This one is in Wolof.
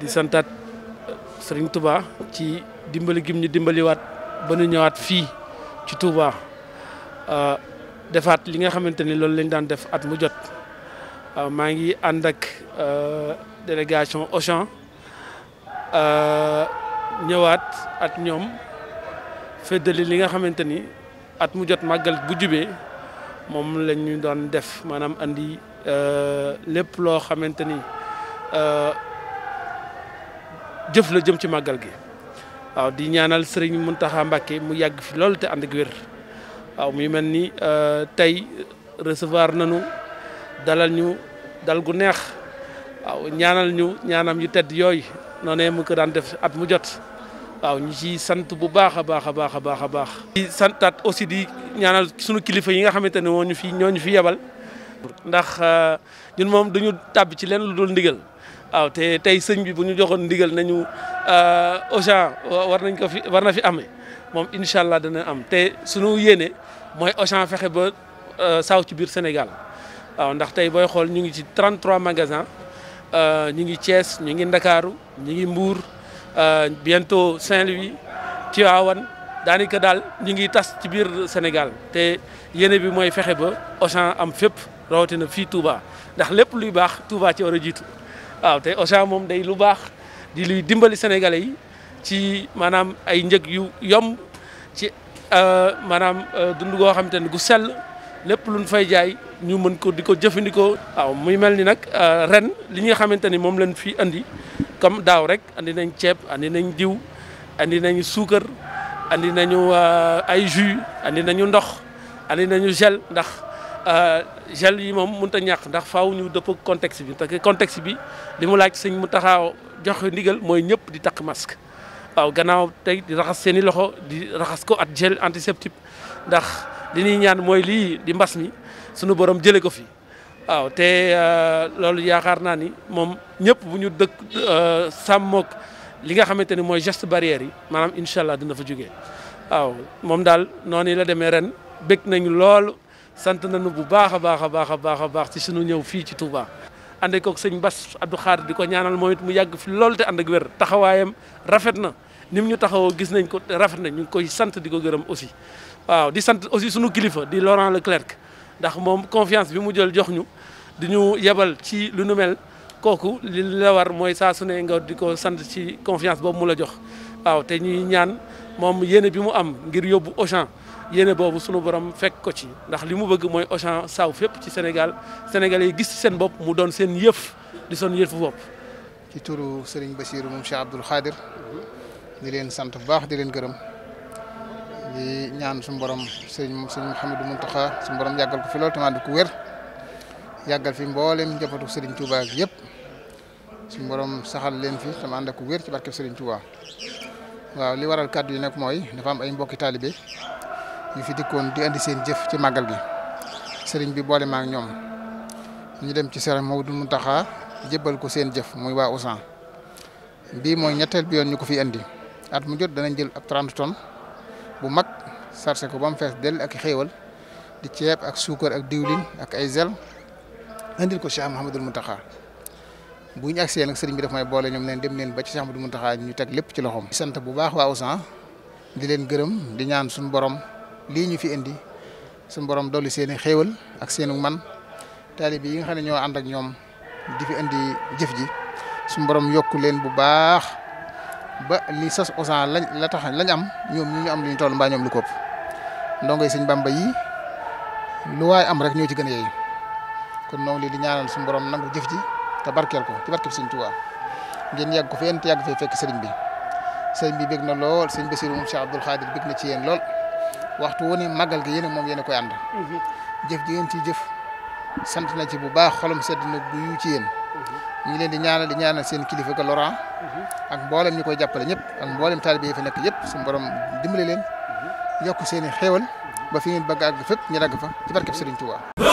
di santaat uh, Serigne Touba ci dimbali gim ñu dimbaliwaat ba ñu ñëwaat fii ci Touba uh, defaat li nga xamante ni loolu lañ daan def at mu jot uh, maa ngi ànd ak délégation Auchan ñëwaat ak ñoom feddali li nga xamante ni at mu jot màggal bu jubee moom la ñu doon def maanaam andi euh, lépp loo xamante ni euh, jëf la jëm ci màggal gi waaw di ñaanal mun taxa Mbacké mu yàgg fi loolu te ànd ak wér waaw muy mel ni euh, tey recevoir nañu dalal ñu dal gu neex waaw ñaanal ñu ñaanam yu tedd yooyu noonee mu ko daan def at mu jot. waaw ñu ci sant bu baax a baax a baax a baax a baax. di santaat aussi di ñaanal sunu kilifa yi nga xamante ne moo ñu fi ñoo ñu fi yebal. ndax euh, ñun moom dañu tàbb ci leen lu dul ndigal waaw te tey sëñ bi bu ñu joxoon ndigal nañu euh, Auchan war nañ ko fi war na fi amee moom incha allah dana am te sunu yéene mooy Auchan fexe ba euh, saw ci biir Sénégal waaw ndax tey booy xool ñu ngi ci 33 magasins ñu ngi Thiès ñu ngi Ndakaaru ñu ngi mbuur Euh, bientôt Saint-Louis Tivaouane daanika daal ñu ngi tas ci biir Sénégal te yéene bi mooy fexe ba Auchan am fépp rawatina fii Touba ndax lépp luy baax Touba ci war a jiitu waaw te Auchan moom day lu baax di luy dimbali sénégalais yi ci maanaam ay njëg yu yomb ci euh, maanaam euh, dund goo xamante ni gu sell lépp luñ fay jaay ñu mën ko di ko jëfandikoo. waaw muy mel ni nag ren li nga xamante ni moom lañ fi andi. comme daaw rek andi nañ ceeb andi nañ diw andi nañu suukar andi nañu euh, ay jus andi nañu ndox andi nañu gel ndax euh, gel yi moom mënut a ñàkk ndax faw ñu dëpp contexte bi parce que bi li mu laaj sëñ mu taxaw jox ndigal mooy ñëpp di takk masque waaw gannaaw tey di raxas seen i loxo di raxas ko ak gel antiseptique ndax li ñaan mooy lii di mbas mi sunu borom jëlee ko fi. waaw te euh, loolu yaakaar naa ni moom ñëpp bu ñu dëkk euh, sàmmoog li nga xamante ni mooy geste barrière yi maanaam incha allah dina fa jógee waaw moom daal noonu la demee ren bég nañu lool sant nañu bu baax a baax a baax a baax a baax ci sunu ñëw fii ci Touba. ànd koog sëñ Bass Abdou Khadre di ko ñaanal moom it mu yàgg fi lool te ànd ak wér taxawaayam rafet na nim ñu taxawoo gis nañ ko rafet nañ ñu ngi koy sant di ko gërëm aussi waaw di sant aussi sunu kilifa di Laurent Leclerc. ndax moom confiance bi mu jël jox ñu di ñu yebal ci lu nu mel kooku li la war mooy saa su ne di ko sant ci confiance boobu mu la jox waaw te ñuy ñaan moom yéene bi mu am ngir yóbbu Auchan yéene boobu sunu borom fekk ko ci ndax li mu bëgg mooy Auchan saw fépp ci Sénégal sénégal yi gis seen bopp mu doon seen yëf di son yëfu bopp. ci turu Serigne Bassirou moom Cheikh Abdoul Khadir di leen sant bu baax di leen gërëm. di ñaan suñu borom sëñ sëñ mu Mountakha su mborom yàggal ko fi lool te maa ko wér yàggal fi mboolem njabootu Serigne Touba ak yëpp su borom saxal leen fi te ànd ak ku wér ci barkeb Serigne Touba waaw li waral kàddu yi nag mooy dafa am ay mbokki taalibe yu fi dikkoon di andi seen jëf ci màggal gi Serigne bi boole maa ñoom ñu dem ci Serigne Mouhamadou taxa jëbal ko seen jëf muy waa Ousan bii mooy ñetteel bi yoon ñu ko fi andi at mu jot danañ jël ab 30 tonnes. bu mag sarse ko ba mu fees dell ak xéewal di ceeb ak suukar ak diwlin ak ay zel indil ko Cheikh Mouhamadul Mountakha bu ñu agsee nag sëriñ bi daf may boole ñoom leen dem leen ba ci mu Mouhamadul Mountakha ñu teg lépp ci loxoom. di sant bu baax waa Auchan di leen gërëm di ñaan suñu borom lii ñu fi indi suñu borom dolli seen i xéewal ak seenu man taalibe yi nga xam ne ñoo ànd ak ñoom di fi indi jëf ji suñu borom yokku leen bu baax. ba li sas Ousseyn lañ la tax lañ am ñoom ñu ñu am li ñu toll mbaa ñoom lu ko ëpp ndongo yi sëñ Bàmba yi lu waay am rek ñoo ci gën a kon ñoo ngi di ñaanal suñu borom nangu jëf ji te barkeel ko ci barkeb sëñ Tuubaa ngeen yàgg ko fi yéen te yàgg fee fekk sëriñ bi sëriñ bi bég na lool sëñ Basiru moom Cheikh Abdoul Khadir bég na ci yéen lool waxtu wu ne màggal gi yéen moom yéen a koy ànd. Mhm. jëf ji ngeen ciy jëf sant na ci bu baax xolam sedd na guyu ci yéen. Mhm. ñu ngi leen di ñaanal di ñaanal seen kilifa ko ak mboolem ñi koy jàppale ñëpp ak mboolem taalibe yi fa nekk yépp suñu borom dimbale leen yokk seen i ba fi ngeen bëgg àgg fépp ñu àgg fa ci barkeb Serigne Touba.